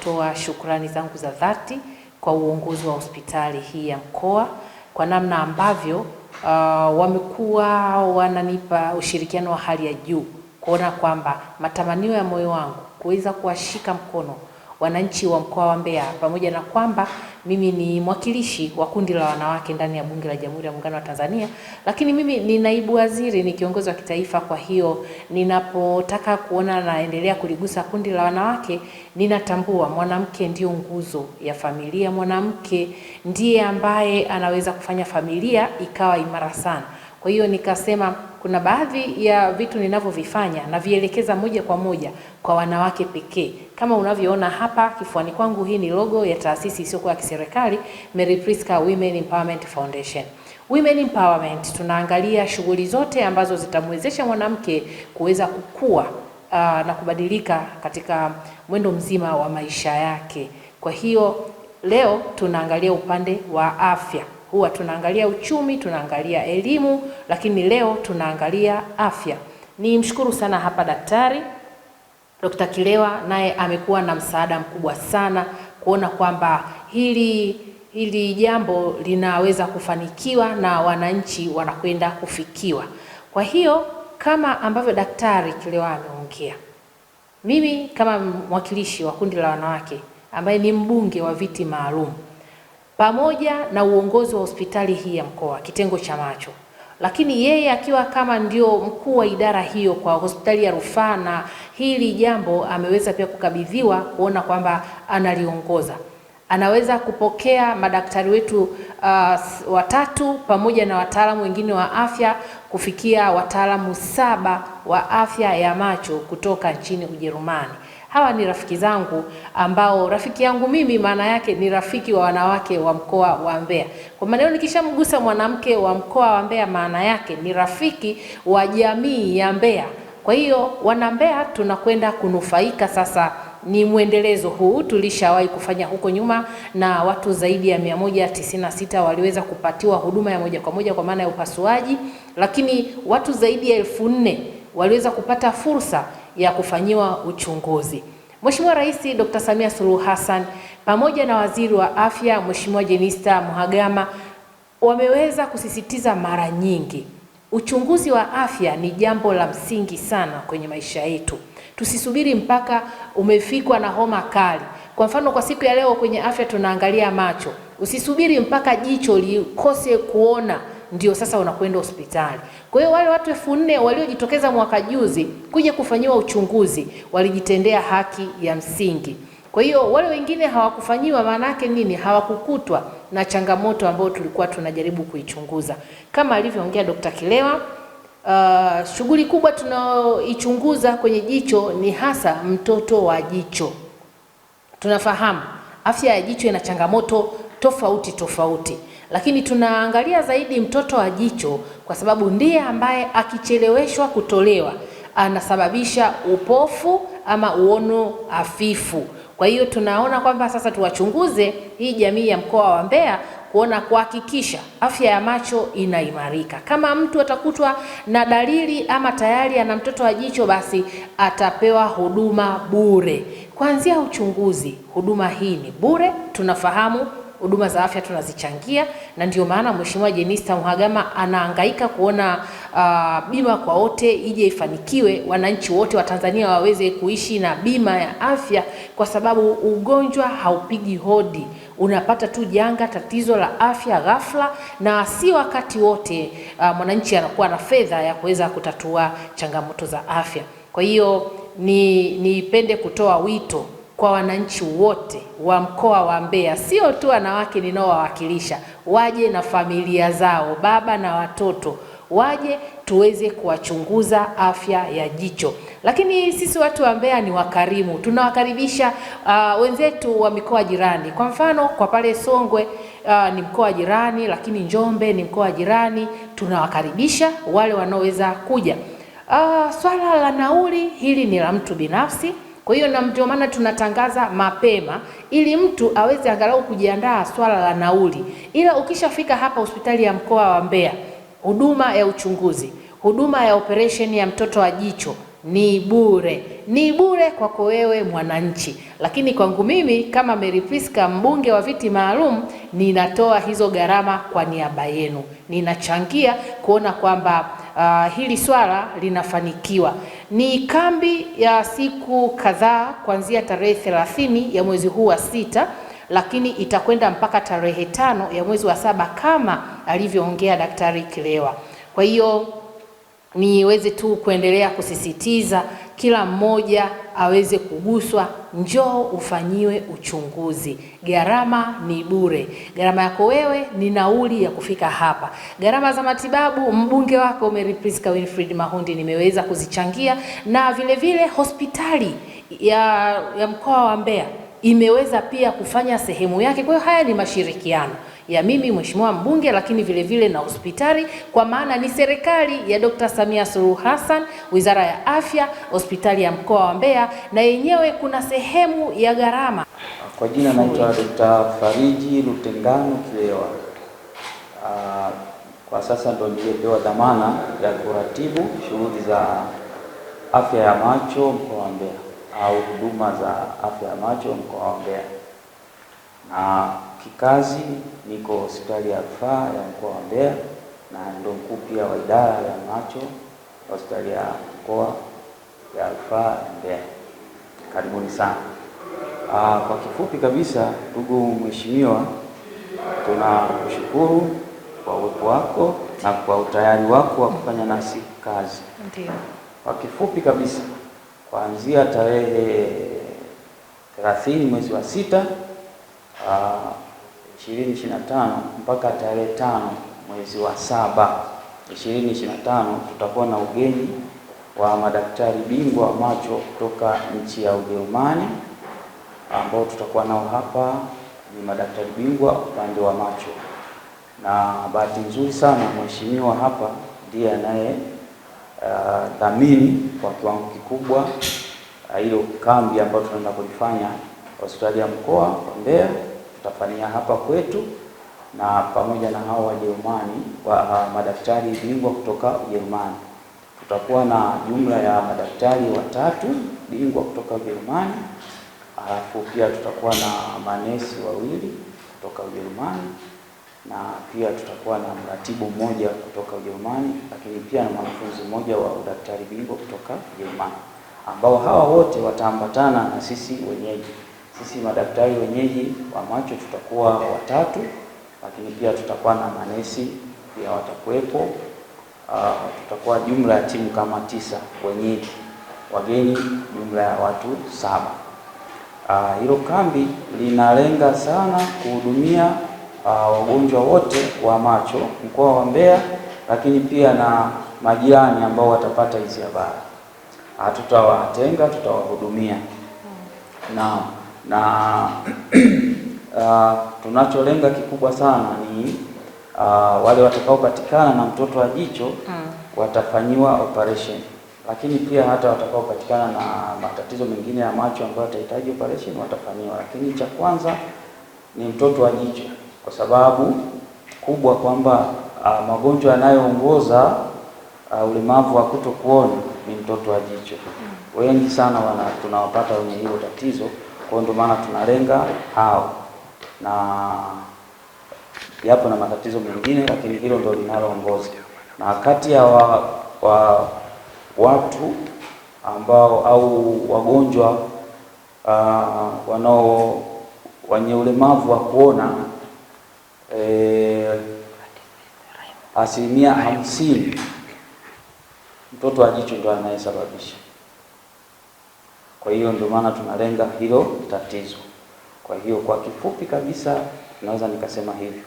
kutoa shukrani zangu za dhati kwa uongozi wa hospitali hii ya mkoa kwa namna ambavyo uh, wamekuwa wananipa ushirikiano wa hali ya juu kuona kwamba matamanio ya moyo wangu kuweza kuwashika mkono wananchi wa mkoa wa Mbeya pamoja na kwamba mimi ni mwakilishi wa kundi la wanawake ndani ya Bunge la Jamhuri ya Muungano wa Tanzania, lakini mimi ni naibu waziri, ni kiongozi wa kitaifa. Kwa hiyo ninapotaka kuona naendelea kuligusa kundi la wanawake, ninatambua mwanamke ndiyo nguzo ya familia, mwanamke ndiye ambaye anaweza kufanya familia ikawa imara sana. Kwa hiyo nikasema kuna baadhi ya vitu ninavyovifanya navielekeza moja kwa moja kwa wanawake pekee. Kama unavyoona hapa kifuani kwangu, hii ni logo ya taasisi isiyokuwa ya kiserikali Mary Priska Women Empowerment Foundation. Women Empowerment tunaangalia shughuli zote ambazo zitamwezesha mwanamke kuweza kukua uh, na kubadilika katika mwendo mzima wa maisha yake. Kwa hiyo leo tunaangalia upande wa afya huwa tunaangalia uchumi, tunaangalia elimu, lakini leo tunaangalia afya. Ni mshukuru sana hapa daktari Dr. Kilewa naye amekuwa na msaada mkubwa sana kuona kwamba hili hili jambo linaweza kufanikiwa na wananchi wanakwenda kufikiwa. Kwa hiyo kama ambavyo daktari Kilewa ameongea, mimi kama mwakilishi wa kundi la wanawake ambaye ni mbunge wa viti maalum pamoja na uongozi wa hospitali hii ya mkoa, kitengo cha macho, lakini yeye akiwa kama ndio mkuu wa idara hiyo kwa hospitali ya rufaa, na hili jambo ameweza pia kukabidhiwa kuona kwamba analiongoza anaweza kupokea madaktari wetu uh, watatu pamoja na wataalamu wengine wa afya kufikia wataalamu saba wa afya ya macho kutoka nchini Ujerumani hawa ni rafiki zangu ambao rafiki yangu mimi maana yake ni rafiki wa wanawake wa mkoa wa Mbeya. Kwa maana nikishamgusa mwanamke wa mkoa wa Mbeya, maana yake ni rafiki wa jamii ya Mbeya. Kwa hiyo wana Mbeya tunakwenda kunufaika sasa ni mwendelezo huu, tulishawahi kufanya huko nyuma na watu zaidi ya sita waliweza kupatiwa huduma ya moja kwa moja kwa maana ya upasuaji, lakini watu zaidi ya elfu nne waliweza kupata fursa ya kufanyiwa uchunguzi. Mheshimiwa Rais Dr. Samia Suluhu Hassan pamoja na Waziri wa Afya Mheshimiwa Jenista Mhagama wameweza kusisitiza mara nyingi, uchunguzi wa afya ni jambo la msingi sana kwenye maisha yetu. Tusisubiri mpaka umefikwa na homa kali. Kwa mfano, kwa siku ya leo kwenye afya tunaangalia macho. Usisubiri mpaka jicho likose kuona ndio sasa wanakwenda hospitali. Kwa hiyo wale watu elfu nne waliojitokeza mwaka juzi kuja kufanyiwa uchunguzi walijitendea haki ya msingi. Kwa hiyo wale wengine hawakufanyiwa, maana yake nini? Hawakukutwa na changamoto ambayo tulikuwa tunajaribu kuichunguza, kama alivyoongea Dkt. Kilewa. Uh, shughuli kubwa tunaoichunguza kwenye jicho ni hasa mtoto wa jicho. Tunafahamu afya ya jicho ina changamoto tofauti tofauti lakini tunaangalia zaidi mtoto wa jicho, kwa sababu ndiye ambaye akicheleweshwa kutolewa anasababisha upofu ama uono hafifu. Kwa hiyo tunaona kwamba sasa tuwachunguze hii jamii ya mkoa wa Mbeya kuona kuhakikisha afya ya macho inaimarika. Kama mtu atakutwa na dalili ama tayari ana mtoto wa jicho, basi atapewa huduma bure kuanzia uchunguzi. Huduma hii ni bure, tunafahamu huduma za afya tunazichangia, na ndio maana Mheshimiwa Jenista Mhagama anahangaika kuona uh, bima kwa wote ije ifanikiwe, wananchi wote wa Tanzania waweze kuishi na bima ya afya, kwa sababu ugonjwa haupigi hodi, unapata tu janga, tatizo la afya ghafla, na si wakati wote uh, mwananchi anakuwa na fedha ya kuweza kutatua changamoto za afya. Kwa hiyo ni nipende kutoa wito kwa wananchi wote wa mkoa wa Mbeya, sio tu wanawake ninaowawakilisha, waje na familia zao, baba na watoto waje tuweze kuwachunguza afya ya jicho. Lakini sisi watu wa Mbeya ni wakarimu, tunawakaribisha uh, wenzetu wa mikoa jirani. Kwa mfano kwa pale Songwe uh, ni mkoa jirani, lakini Njombe ni mkoa jirani, tunawakaribisha wale wanaoweza kuja. Uh, swala la nauli hili ni la mtu binafsi kwa hiyo na ndio maana tunatangaza mapema ili mtu aweze angalau kujiandaa swala la nauli. Ila ukishafika hapa hospitali ya mkoa wa Mbeya, huduma ya uchunguzi, huduma ya operesheni ya mtoto wa jicho ni bure, ni bure kwako wewe mwananchi, lakini kwangu mimi kama Mary Priska, mbunge wa viti maalum, ninatoa hizo gharama kwa niaba yenu, ninachangia kuona kwamba uh, hili swala linafanikiwa. Ni kambi ya siku kadhaa kuanzia tarehe thelathini ya mwezi huu wa sita, lakini itakwenda mpaka tarehe tano ya mwezi wa saba kama alivyoongea Daktari Kilewa. Kwa hiyo niweze tu kuendelea kusisitiza kila mmoja aweze kuguswa. Njoo ufanyiwe uchunguzi, gharama ni bure. Gharama yako wewe ni nauli ya kufika hapa. Gharama za matibabu, mbunge wako Mary Priska Winfred Mahundi nimeweza kuzichangia, na vile vile hospitali ya, ya mkoa wa Mbeya imeweza pia kufanya sehemu yake. Kwa hiyo haya ni mashirikiano ya mimi mheshimiwa mbunge, lakini vile vile na hospitali, kwa maana ni serikali ya Dr. Samia Suluhu Hassan, Wizara ya Afya, hospitali ya mkoa wa Mbeya na yenyewe kuna sehemu ya gharama. Kwa jina naitwa Dr. Fariji Lutengano Kiwewa. Uh, ah, kwa sasa ndo niliyepewa dhamana ya kuratibu shughuli za afya ya macho mkoa wa Mbeya au huduma za afya ya macho mkoa wa Mbeya na kikazi niko hospitali ya rufaa ya mkoa wa Mbeya na ndio mkuu pia wa idara ya macho hospitali ya mkoa ya rufaa ya Mbeya. Karibuni sana. Aa, ah, kwa kifupi kabisa, ndugu mheshimiwa, tunakushukuru kwa uwepo wako na kwa utayari wako wa kufanya nasi kazi. Ndiyo. Kwa kifupi kabisa, kuanzia tarehe 30 mwezi wa sita aa, ah, ishirini ishirini na tano mpaka tarehe tano mwezi wa saba ishirini ishirini na tano tutakuwa na ugeni wa madaktari bingwa wa macho kutoka nchi ya Ujerumani ambao tutakuwa nao hapa. Ni madaktari bingwa upande wa macho, na bahati nzuri sana mheshimiwa hapa ndiye anaye uh, dhamini kwa kiwango kikubwa uh, hiyo uh, kambi ambayo tunaenda kuifanya hospitali ya mkoa wa Mbeya tutafanyia hapa kwetu na pamoja na hao Wajerumani wa ah, madaktari bingwa kutoka Ujerumani. Tutakuwa na jumla ya madaktari watatu bingwa kutoka Ujerumani, alafu pia tutakuwa na manesi wawili kutoka Ujerumani na pia tutakuwa na mratibu mmoja kutoka Ujerumani, lakini pia na mwanafunzi mmoja wa udaktari bingwa kutoka Ujerumani, ambao hawa wote wataambatana na sisi wenyeji. Sisi madaktari wenyeji wa macho tutakuwa watatu, lakini pia tutakuwa na manesi pia watakuwepo. Uh, tutakuwa jumla ya timu kama tisa, wenyeji, wageni jumla ya watu saba. Ah, hilo kambi linalenga sana kuhudumia uh, wagonjwa wote wa macho mkoa wa Mbeya, lakini pia na majirani ambao watapata hizi habari. Hatutawatenga, tutawahudumia na na uh, tunacholenga kikubwa sana ni uh, wale watakaopatikana na mtoto wa jicho mm. watafanyiwa operation, lakini pia hata watakaopatikana na matatizo mengine ya macho ambayo watahitaji operation watafanyiwa, lakini cha kwanza ni mtoto wa jicho, kwa sababu kubwa kwamba uh, magonjwa yanayoongoza uh, ulemavu wa kutokuona ni mtoto wa jicho mm. wengi sana wana tunawapata wenye hilo tatizo kwa ndio maana tunalenga hao, na yapo na matatizo mengine, lakini hilo ndio linaloongoza. Na kati ya wa, wa, watu ambao au wagonjwa uh, wanao wenye ulemavu wa kuona eh, asilimia hamsini mtoto wa jicho ndo anayesababisha. Kwa hiyo ndio maana tunalenga hilo tatizo. Kwa hiyo kwa kifupi kabisa naweza nikasema hivyo.